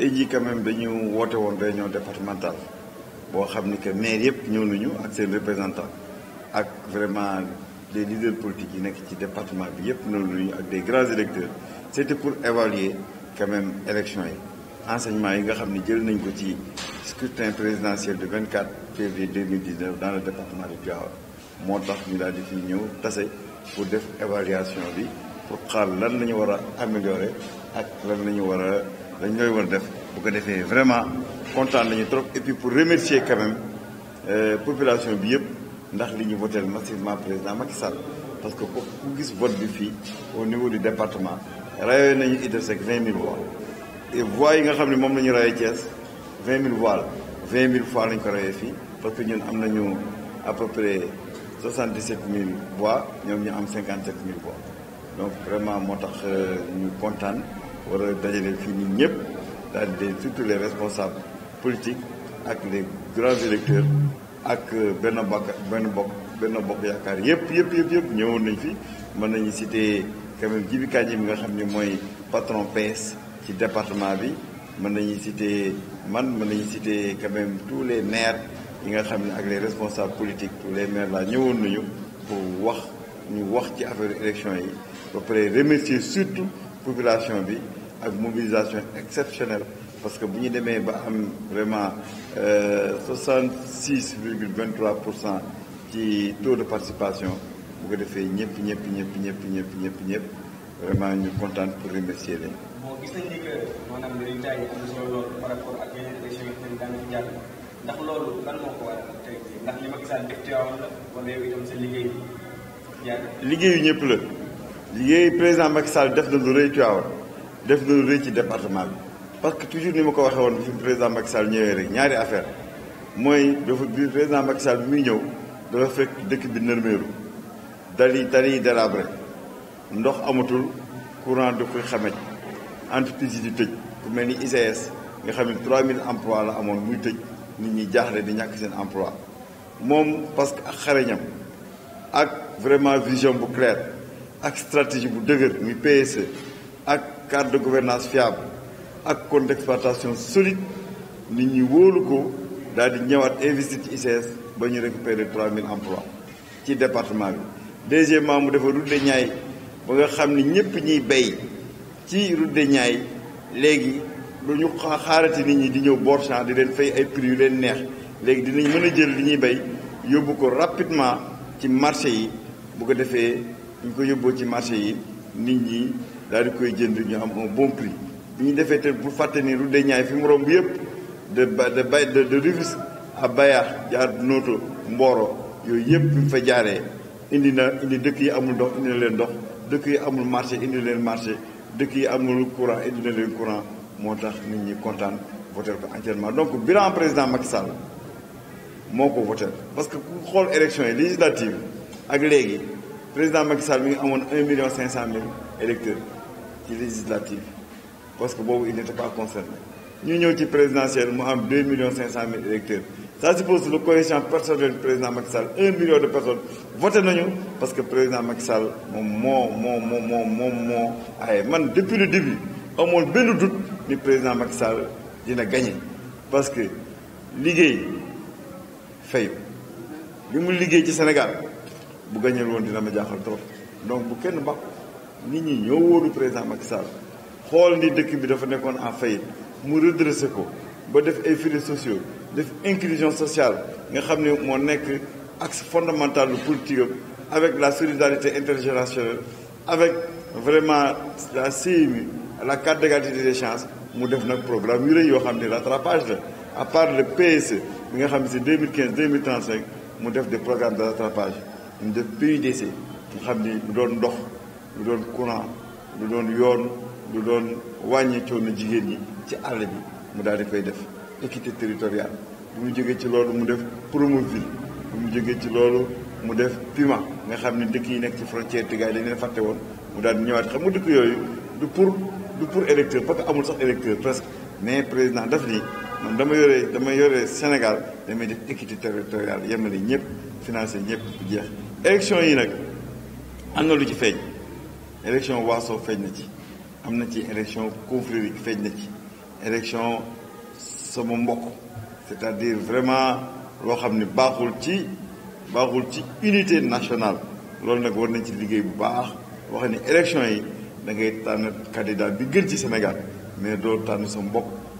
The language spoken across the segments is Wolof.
tey jii quand même dañu woté won réunion départementale bo xamni que maire yépp ñëw nañu ak seen représentant ak vraiment les leaders politiques yi nekk ci département bi yépp ñëw nañu ak des grands électeurs c'était pour évaluer quand même élection yi enseignement yi nga xam ne jël nañ ko ci scrutin présidentiel de 24 février 2019 dans le département de Tivaouane moo tax ñu daal di fi ñëw tase pour def évaluation bi pour xaar lan la ñu améliorer ak lan la ñu war nous vraiment contents de Nous Et puis pour remercier quand même la euh, population nous avons voté massivement le président Macky Parce que pour qu'on au niveau du département, nous avons fait 20 000 voix. Et vous voyez que nous avons fait 20 000 voix. 20 000 fois nous avons Parce que nous avons à peu près 77 000 voix. Nous avons 57 000 voix. Donc vraiment, nous sommes contents. Je dajale les responsables politiques ak les grands électeurs ak euh, nañ quand même patron PS département bi quand même tous les maires les responsables politiques tous les maires pour wax ñu wax ci affaire élection yi ba remercier surtout population bi ak mobilisation exceptionnelle parce que bu ñu demee ba am vraiment euh, soixante ci taux de participation bu ko defee ñëpp ñëpp ñëpp ñëpp ñëpp ñëpp ñëpp vraiment ñu kontaan pour remercier leen. bon gis nañ ni que maanaam résultat yi am solo lool par rapport ak yeneen région yi tamit daan ci jàll ndax loolu lan moo ko waral tey ndax li ma gisaan def ci la wala yow itam sa liggéey bi liggéeyu ñëpp la. liggéey président Macky def na lu rëy Tivaouane def na lu rëy ci département bi parce que toujours ni ma ko waxee woon bi fi président Macky ñëwee rek ñaari affaire mooy dafa bi président Macky Sall bi muy ñëw dafa fekk dëkk bi nërmeelu dali tali yi délabré ndox amatul courant du koy xamet entreprise yi di tëj ku mel ni ICS nga xam ne mille emplois la amoon muy tëj nit ñi jaaxle di ñàkk seen emploi moom parce que ak xarañam ak vraiment vision bu claire ak stratégie bu dëgër muy PSE ak cadre de gouvernance fiable ak compte d'exploitation solide nit ñi wóolu ko daal di ñëwaat investir ci ba ñu récupérer 3000 emplois ci département bi. deuxièmement mu defa route de Niayes ba nga xam ni ñëpp ñiy bay ci route de Niayes léegi du ñu xaarati nit ñi di ñëw bord champ di leen fay ay prix yu leen neex léegi dinañ mën a jël li ñuy bay yóbbu ko rapidement ci marché yi bu ko defee. bu ñu ko yóbboo ci marché yi nit ñi daal di koy jënd ñu am un bon prix bi ñu defee te bu fàtte ni route des fi mu romb yëpp de de bay de de Rufisque à Bayaax jaar Noto Mboro yooyu yëpp bi mu fa jaaree indi na indi dëkk yi amul ndox indi na leen ndox dëkk yi amul marché indi leen marché dëkk yi amul courant indi na leen courant moo tax nit ñi kontaan voté ko entièrement donc bilan président Macky Sall moo ko voté parce que ku xool élection yi législative ak léegi. président Macky Sall a 1,5 million d'électeurs 000 électeurs législatifs parce qu'il n'était pas concerné. Nous sommes présidentiels, nous avons 2 millions 500 000 électeurs. Ça suppose que le coefficient personnel du président Macky Sall, 1 million de personnes votent nous parce que le président Macky Sall, depuis le début, au moins bien doute que le président Macky Sall a gagné parce que l'idée fait. Nous du Sénégal bu gañal woon dina ma jaaxal trop donc bu kenn nous nit ñi ñoo wóolu président Macky Sall xool ni dëkk bi dafa nekkoon en faillite mu redressé ko ba def ay filets sociaux def inclusion sociale nga xam ne moo nekk axe fondamental lu politique avec la solidarité intergénérationnelle avec vraiment la CMU la carte d'égalité des chances mu def nag programme yu rëy yoo xam rattrapage à part le PSE bi nga xam ne 2015 2035 mu def des programmes de rattrapage def PUDC nga xam ni lu doon ndox lu doon courant lu doon yoon lu doon wàññi coono jigéen ñi ci àll bi mu daal di koy def équité territoriale bu mu jógee ci loolu mu def Promoville bu mu jógee ci loolu mu def Pima nga xam ne dëkk yi nekk ci frontière Tigaay dañ leen fàtte woon mu daal di ñëwaat xam nga dëkk yooyu du pour du pour électeur parce que amul sax électeur presque mais président daf nii man dama yore dama yore Sénégal damay def équité territoriale yemale ñëpp financé ñëpp jeex élection yi nag am na lu ci feeñ élection waaso feeñ na ci am na ci élection confrérie feeñ na ci élection sama mbokk c'est-à-dire vraiment loo xam ne baaxul ci baaxul ci unité nationale loolu nag war nañ ci liggéey bu baax wax ni élection yi da ngay tànn candidat bi gën ci Sénégal mais doo tànn sa mbokk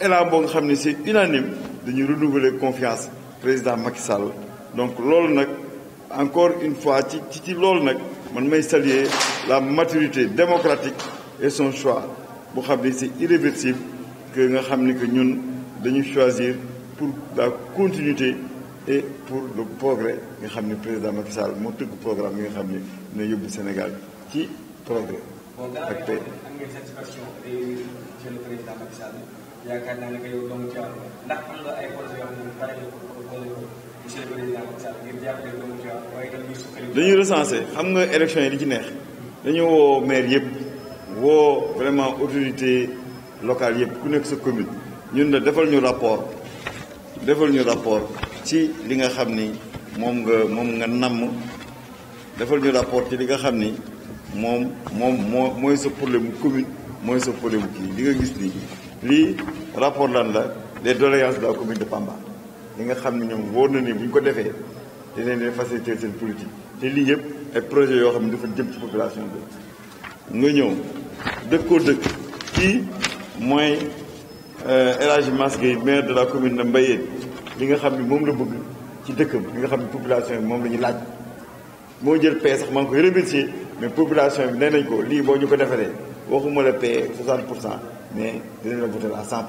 Et là, nga xam ne c'est unanime dañu renouveler confiance président Macky Sall donc encore une fois ci ci saluer la maturité démocratique et son choix boo xam c'est irréversible que nous xam que ñun choisir pour la continuité et pour le progrès nga président Macky Sall moo tëgg programme yi nga xam ne Sénégal ci progrès ak paix yaakaar naa ne que yow doomu Tivaouane nga ndax am nga ay projets yoo xam ne pare nga ko proposé ko monsieur le président Macky Sall ngir jàppale doomu Tivaouane waaye itam ñuy sukkali dañuy recensé xam nga élection yi li ci neex dañu woo maire yëpp woo vraiment autorité locale yëpp ku nekk sa commune ñun la defal ñu rapport defal ñu rapport ci li nga xam ni moom nga moom nga namm defal ñu rapport ci li nga xam ni moom moom moo mooy sa problème commune mooy sa problème mu kii li nga gis nii li rapport lan la les doléances de la commune de Pamba li nga xamni ñom woon na ni buñ ko défé dinañ leen faciliter seen politique te lii yëpp ay projet yo xamni dafa jëm ci population bi nga ñëw dëkkoo dëkk kii mooy euh, El Hadj Mass Gueye maire de la commune de Mbaye li nga xamni mom la bëgg ci dëkkam li nga xamni population mom lañu laaj mo jël paie sax man ngi koy remercier mais population bi nee ko li boo ñu ko defaree waxuma ne paye 60 payer 60%, mais vais le faire à 100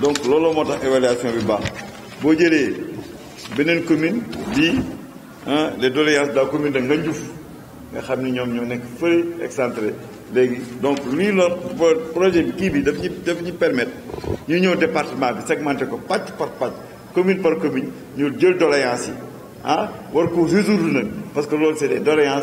donc lolo est tax évaluation bi Vous avez une commune di hein, les doléances de la commune de Ngandjouf, nga xam ni ñoo donc lui le projet qui kii bi permettre ñu ñëw département bi segmenter, ko par patch, commune par commune ñu jël doléances Hein, ah war résoudre parce que loolu c'est des doléances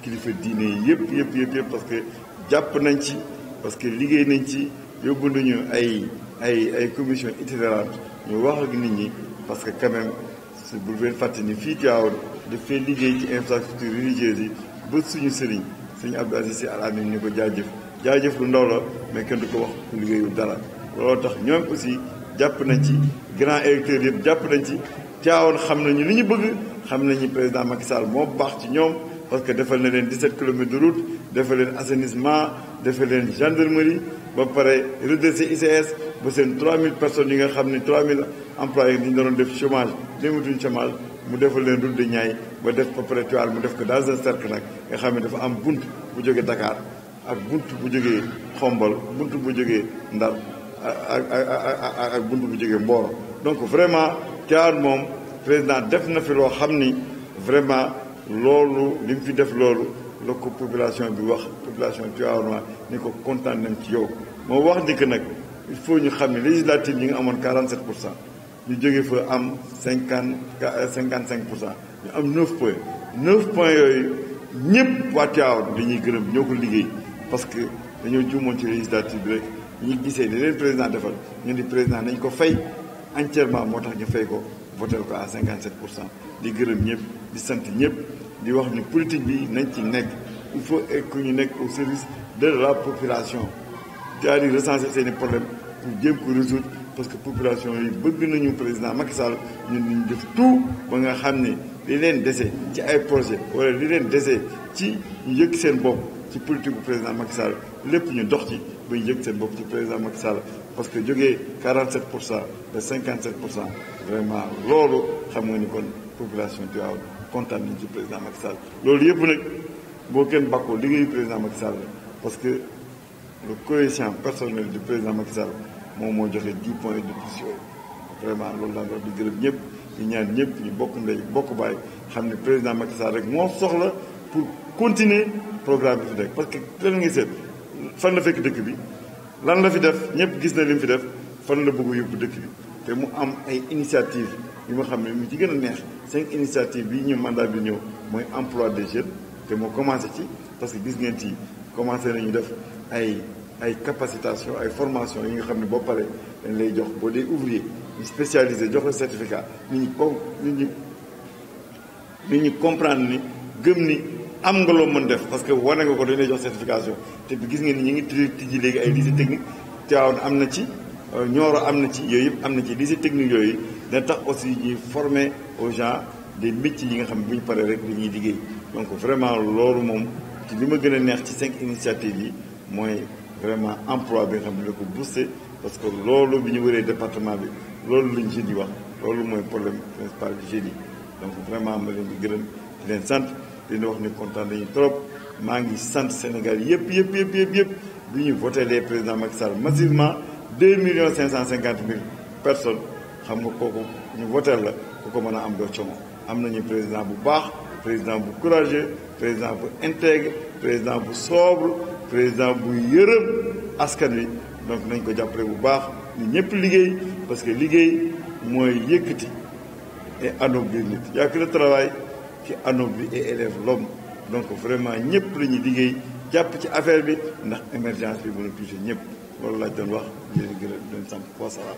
kilifa diine dîner, parce que jàpp nañ parce que liggéey nañ ci yóbbu ay ay ay commission itinérante ñu wax ak nit ñi parce que quand même ce bu leen fàtte ni fii ci infrastructure religieuse yi ba suñu sëriñ suñu Abdou Aziz ko jaajëf jaajëf lu ndaw la mais kenn ko wax ku dara tax aussi jàpp nañ grand électeur nañ ci li bëgg président Macky Sall parce que defal na leen 17 kilomètres de route defal leen assainissement defal leen gendarmerie ba pare redressé ICS ba seen 3000 personnes yi nga xam ni 3000 employés yi ñu doon def chômage dematuñ chômage mu defal leen route de Niayes ba def ba pare Tivaouane mu def ko dans un cercle nag nga xam ne dafa am bunt bu jógee Dakar ak bunt bu jógee Xombol bunt bu jógee Ndar ak ak ak bunt bu jógee Mboro donc vraiment Tivaouane moom président def na fi loo xam ni vraiment. loolu li fi def loolu la ko population bi wax population Tivaouane ni ko kontaan nañ ci yow moo wax ni que nag il faut ñu xam ne législative ñi nga amoon 47 pour cent ñu jóge fa am 50 55 pour cent ñu am 9 points 9 points yooyu ñëpp waa Tivaouane dañuy gërëm ñoo ko liggéey parce que dañoo juumoon ci législative bi rek ñu gisee ni leen président defal ñu di président nañ ko fay entièrement moo tax ñu fay ko votel ko à 57 pour cent di gërëm ñëpp di sant ñëpp di wax ni politique bi nañ ci nekk il faut que ñu nekk au service de la population car à dire recenser seeni problème pour jéem ko résoudre parce que population yi bëgg nañu président Macky Sall ñun ñu def tout ba nga xam ne li leen dese ci ay projet wala li leen dese ci ñu yëg seen bopp ci politique président Macky Sall lépp ñu dox ci ba ñu yëg seen bopp ci président Macky Sall parce que jógee 47 pour cent ba 57 pour cent vraiment loolu xam nga ni kon population Tivaouane contamine du président Macky Sall loolu yëpp nag bo ken bàkkoo liguey président Macky Sall parce que le coefficient personnel du président Macky Sall moom mo joxe 10 points de plus vraiment loolu laa wax di gërëm ñëpp ñu ñaan ñëpp ñu bokk ndey bokk bay xam président Macky Sall rek mo soxla pour continuer programme bi rek parce que ren nga seet fan la fekk dëkk bi lan la fi def ñëpp gis na lim fi def fan la bëgg yóbbu dëkk bi te mu am ay initiatives yi ma mu ci gëna neex cinq initiative bi ñu mandat bi ñëw moy emploi des jeunes té mo commencé ci parce que gis ngeen ci commencé nañu def ay ay capacitation ay formation yi nga xam bo paré dañ lay jox bo dee ouvrier ñu spécialisé jox la certificat nit ñi com nit ñi nit ñi comprendre ni gëm ni am nga lo mën def parce que wane nga ko dañ lay jox certification té bi gis ngeen ni ñu ngi tijji tijji léegi ay lycée technique Tivaouane am na ci euh, Nioro am na ci yoyep yëpp am na ci lycée technique yooyu avons aussi formé aux gens des métiers qui de Donc vraiment, leur monde, qui est le avons ces 5 initiatives, moi, vraiment, emploi bien que je parce que leur est le département, leur monde, le problème problème principal, j'ai Donc vraiment, je suis de content, je suis content de trop. Je suis content Sénégal, yep, yep, yep, yep, yep. Je voter les présidents massivement, 2 550 000 personnes xam nga kooku ñu voteel la ku ko mën a am doo coono am nañu président bu baax président bu courageux président bu intègre président bu sobre président bu yërëm askan wi donc nañ ko jàppale bu baax ñu ñëpp liggéey parce que liggéey mooy yëkkati et anoblir nit y a que le travail qui anoblit et élève l'homme donc vraiment ñëpp la ñuy liggéey jàpp ci affaire bi ndax émergence bi mën a touché ñëpp loolu laaj doon wax di leen gërëm di leen sant wasalaam